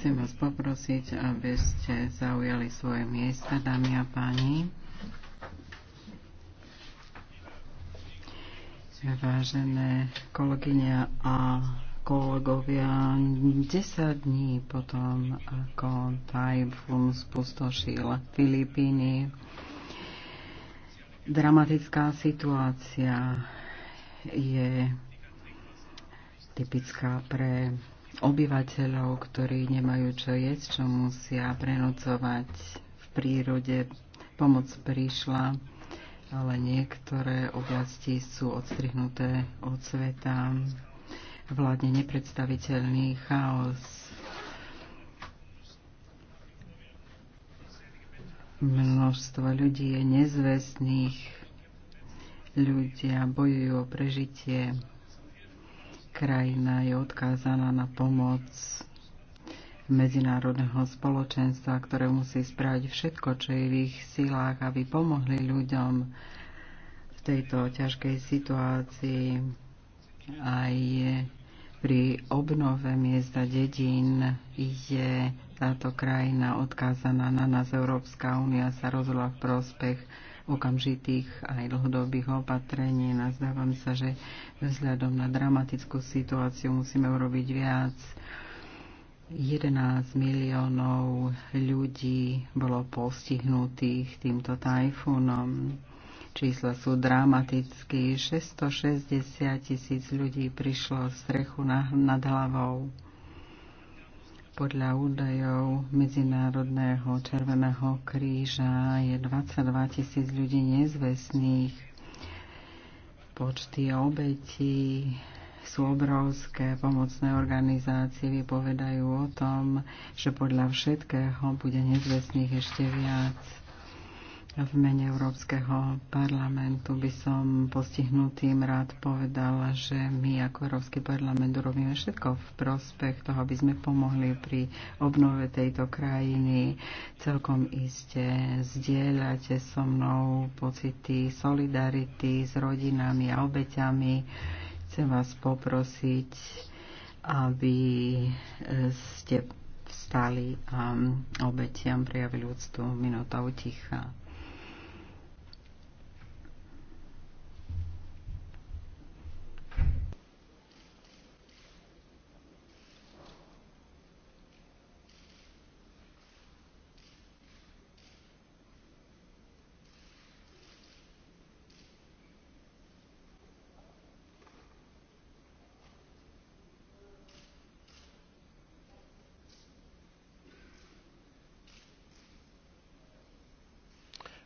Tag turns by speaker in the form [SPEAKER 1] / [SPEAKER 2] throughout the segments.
[SPEAKER 1] Chcem vás poprosiť, aby ste zaujali svoje miesta, dámy a páni. Vážené kolegyne a kolegovia, 10 dní potom, ako tajfún spustošil Filipíny, dramatická situácia je typická pre obyvateľov, ktorí nemajú čo jesť, čo musia prenocovať v prírode. Pomoc prišla, ale niektoré oblasti sú odstrihnuté od sveta. Vládne nepredstaviteľný chaos. Množstvo ľudí je nezvestných, ľudia bojujú o prežitie krajina je odkázaná na pomoc medzinárodného spoločenstva, ktoré musí spraviť všetko, čo je v ich silách, aby pomohli ľuďom v tejto ťažkej situácii aj pri obnove miesta dedín je táto krajina odkázaná na nás. Európska únia sa rozhodla v prospech okamžitých aj dlhodobých opatrení. Nazdávam sa, že vzhľadom na dramatickú situáciu musíme urobiť viac. 11 miliónov ľudí bolo postihnutých týmto tajfúnom. Čísla sú dramatické. 660 tisíc ľudí prišlo strechu nad hlavou. Podľa údajov Medzinárodného Červeného kríža je 22 tisíc ľudí nezvestných. Počty obetí sú obrovské. Pomocné organizácie vypovedajú o tom, že podľa všetkého bude nezvestných ešte viac. V mene Európskeho parlamentu by som postihnutým rád povedala, že my ako Európsky parlament urobíme všetko v prospech toho, aby sme pomohli pri obnove tejto krajiny. Celkom iste zdieľate so mnou pocity solidarity s rodinami a obeťami. Chcem vás poprosiť, aby eh, ste vstali a obetiam prejavili úctu minúta uticha.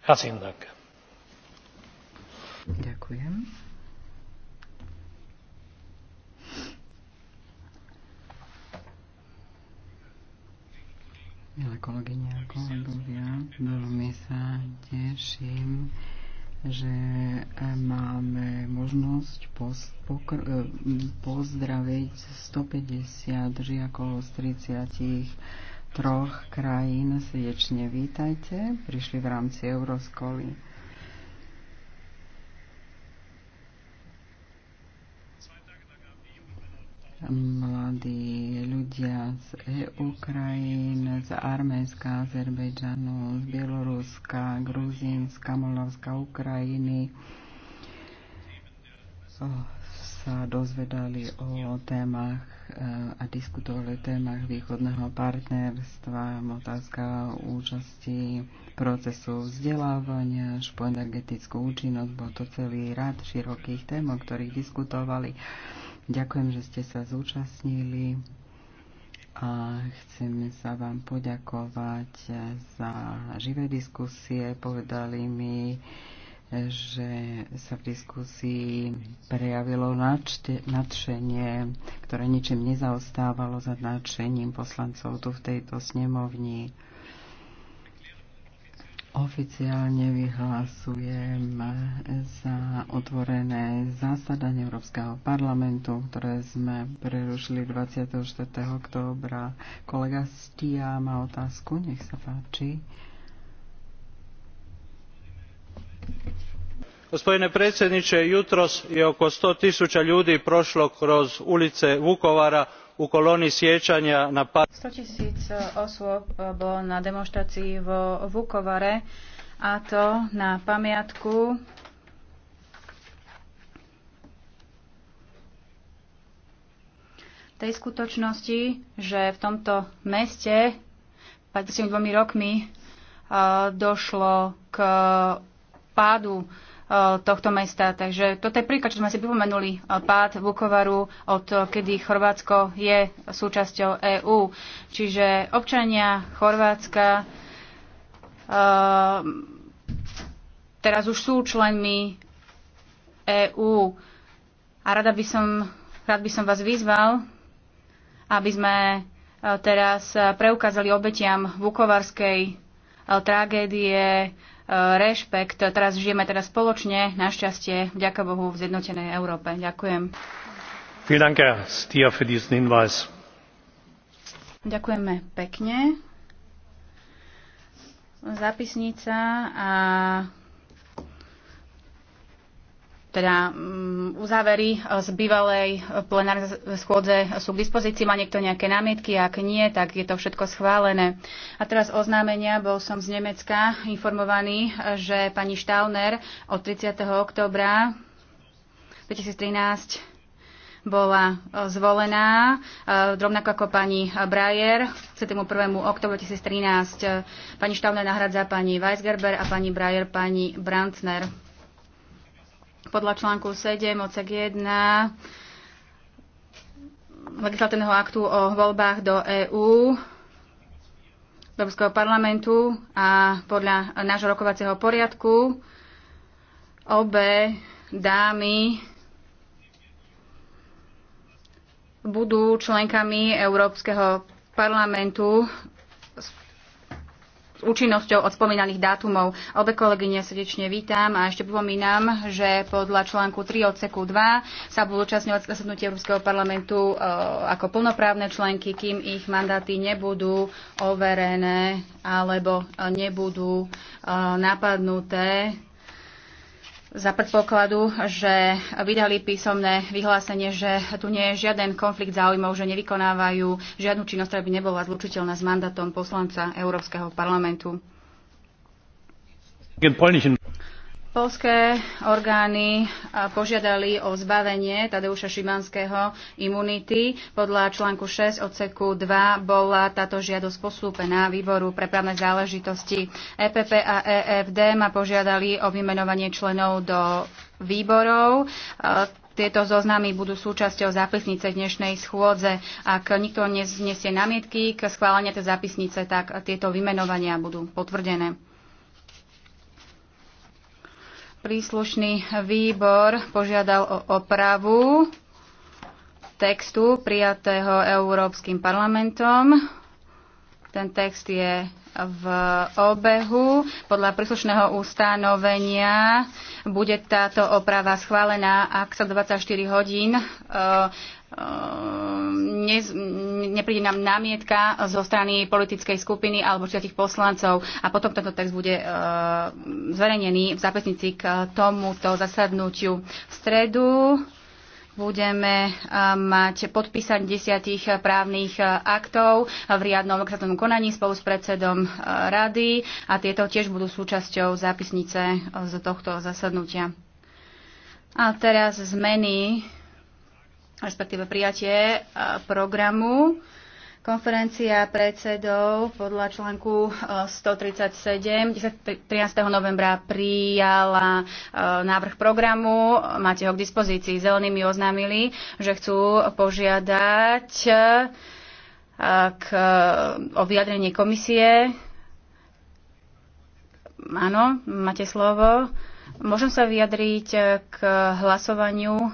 [SPEAKER 2] Herzlichen Dank. Ďakujem.
[SPEAKER 1] Milé kolegyne a kolegovia, veľmi sa teším, že e, máme možnosť e, pozdraviť 150 žiakov z 30 troch krajín srdečne vítajte. Prišli v rámci Euroskoly. Mladí ľudia z EU krajín, z Arménska, Azerbejdžanu, z Bieloruska, Gruzínska, Moldavska, Ukrajiny, sa dozvedali o témach eh, a diskutovali o témach východného partnerstva, otázka účasti procesu vzdelávania, energetickú účinnosť, bol to celý rad širokých tém, o ktorých diskutovali. Ďakujem, že ste sa zúčastnili a chcem sa vám poďakovať za živé diskusie. Povedali mi, že sa v diskusii prejavilo nadšenie, ktoré ničím nezaostávalo za nadšením poslancov tu v tejto snemovni. Oficiálne vyhlasujem za otvorené zásadanie Európskeho parlamentu, ktoré sme prerušili 24. októbra. Kolega Stia má otázku, nech sa páči.
[SPEAKER 2] gospodine predsjednie jutros je oko one hundred tisua ljudi prolo kroz ulice vukovara u koloni sjeanja na pad. osôb bolo na demonštrácii vo vukovare a to na pamiatku tej skutočnosti, že v tomto meste pred 2 rokmi e, došlo k pádu Eh, tohto mesta. Takže toto je príklad, čo sme si pripomenuli, eh, pád Vukovaru, od eh, kedy Chorvátsko je súčasťou EÚ. Čiže občania Chorvátska teraz už sú členmi EÚ. A rada by som, rád by som vás vyzval, aby sme teraz preukázali obetiam vukovarskej tragédie rešpekt. Teraz žijeme teda spoločne, našťastie, vďaka Bohu, v zjednotenej Európe. Ďakujem. Ďakujeme pekne. Zápisnica a teda mm, uzávery z bývalej plenárnej schôdze sú k dispozícii. Má niekto nejaké námietky? Ak nie, tak je to všetko schválené. A teraz oznámenia. Bol som z Nemecka informovaný, že pani Štauner od 30. oktobra 2013 bola e, zvolená, e, rovnako ako pani Brajer, k 1. oktobru 2013. E, pani Štauner nahradza pani Weisgerber a pani Brajer pani Brantner podľa článku 7 odsek 1 legislatívneho aktu o voľbách do EÚ, Európskeho parlamentu a podľa nášho rokovacieho poriadku obe dámy budú členkami Európskeho parlamentu účinnosťou od spomínaných dátumov. Obe kolegyne srdečne vítam a ešte pripomínam, že podľa článku 3 odseku 2 sa budú účastňovať zasadnutie Európskeho parlamentu e, ako plnoprávne členky, kým ich mandáty nebudú overené alebo e, nebudú e, napadnuté za predpokladu, že vydali písomné vyhlásenie, že tu nie je žiaden konflikt záujmov, že nevykonávajú žiadnu činnosť, ktorá by nebola zlučiteľná s mandátom poslanca Európskeho parlamentu. Polské orgány požiadali o zbavenie Tadeuša Šimanského imunity. Podľa článku 6 odseku 2 bola táto žiadosť postúpená výboru pre právne záležitosti. EPP a EFD ma požiadali o vymenovanie členov do výborov. Tieto zoznamy budú súčasťou zápisnice dnešnej schôdze. Ak nikto nesie namietky k schváleniu tej zápisnice, tak tieto vymenovania budú potvrdené. Príslušný výbor požiadal o opravu textu prijatého Európskym parlamentom. Ten text je v obehu. Podľa príslušného ustanovenia bude táto oprava schválená, ak sa 24 hodín uh, uh, ne, nepríde nám námietka zo strany politickej skupiny alebo všetkých poslancov a potom tento text bude e, zverejnený v zápisnici k tomuto zasadnutiu. V stredu budeme e, mať podpísať desiatých právnych aktov v riadnom legislatívnom konaní spolu s predsedom e, rady a tieto tiež budú súčasťou zápisnice z tohto zasadnutia. A teraz zmeny respektíve prijatie e, programu. Konferencia predsedov podľa článku 137 e, 13. novembra prijala e, návrh programu. Máte ho k dispozícii. Zelení mi oznámili, že chcú požiadať k, o vyjadrenie komisie. Áno, máte slovo. Môžem sa vyjadriť eh, k hlasovaniu eh,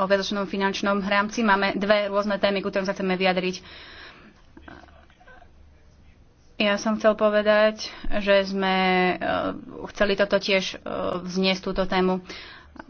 [SPEAKER 2] o vedočnom finančnom rámci. Máme dve rôzne témy, ku ktorým sa chceme vyjadriť. Ja som chcel povedať, že sme eh, chceli toto tiež vzniesť túto tému.